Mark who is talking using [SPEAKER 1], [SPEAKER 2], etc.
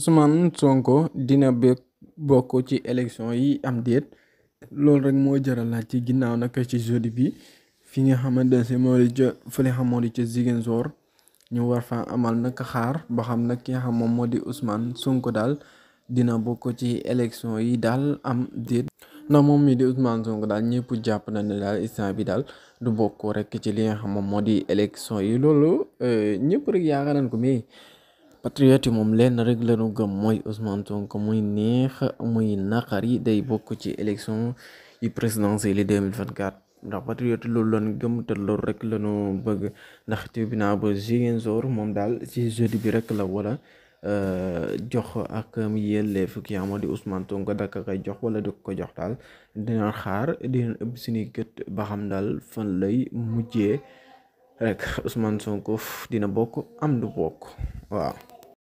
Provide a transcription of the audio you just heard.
[SPEAKER 1] Ousmane Sonko dina bëgg ci élection yi am déet loolu rek moo jaral laaj ci ginnaaw nag ci jeudi bi fi nga xamante ne moo di ca fële xamoo di ca Ziguinchor ñu war fa amal nag xaar ba xam nag ki nga moom moo di Ousmane Sonko daal dina bokk ci élection yi daal am déet. na moom mii di Ousmane Sonko daal ñëpp jàpp na ne daal instant bi daal du bokkoo rek ci li xam moom moo di élection yi loolu euh, ñëpp rek yaakaar ko mais. patriote yi moom lenn rek lañu gëm mooy Ousmane Sonko muy neex muy naqari day bokk ci élection yi présidentielle yi 2024 ndax patriote loolu lañu gëm te loolu rek lañu bëgg ndax bi tribunal ba Ziguinchor moom daal ci jeudi bi rek la wala euh, jox ak yelleef ki ama di Ousmane Sonko dakk kay jox wala di ko jox daal dina xaar dina ëpp suñuy gët ba xam daal fan lay mujjee rek Ousmane Sonko dina bokk am du bokk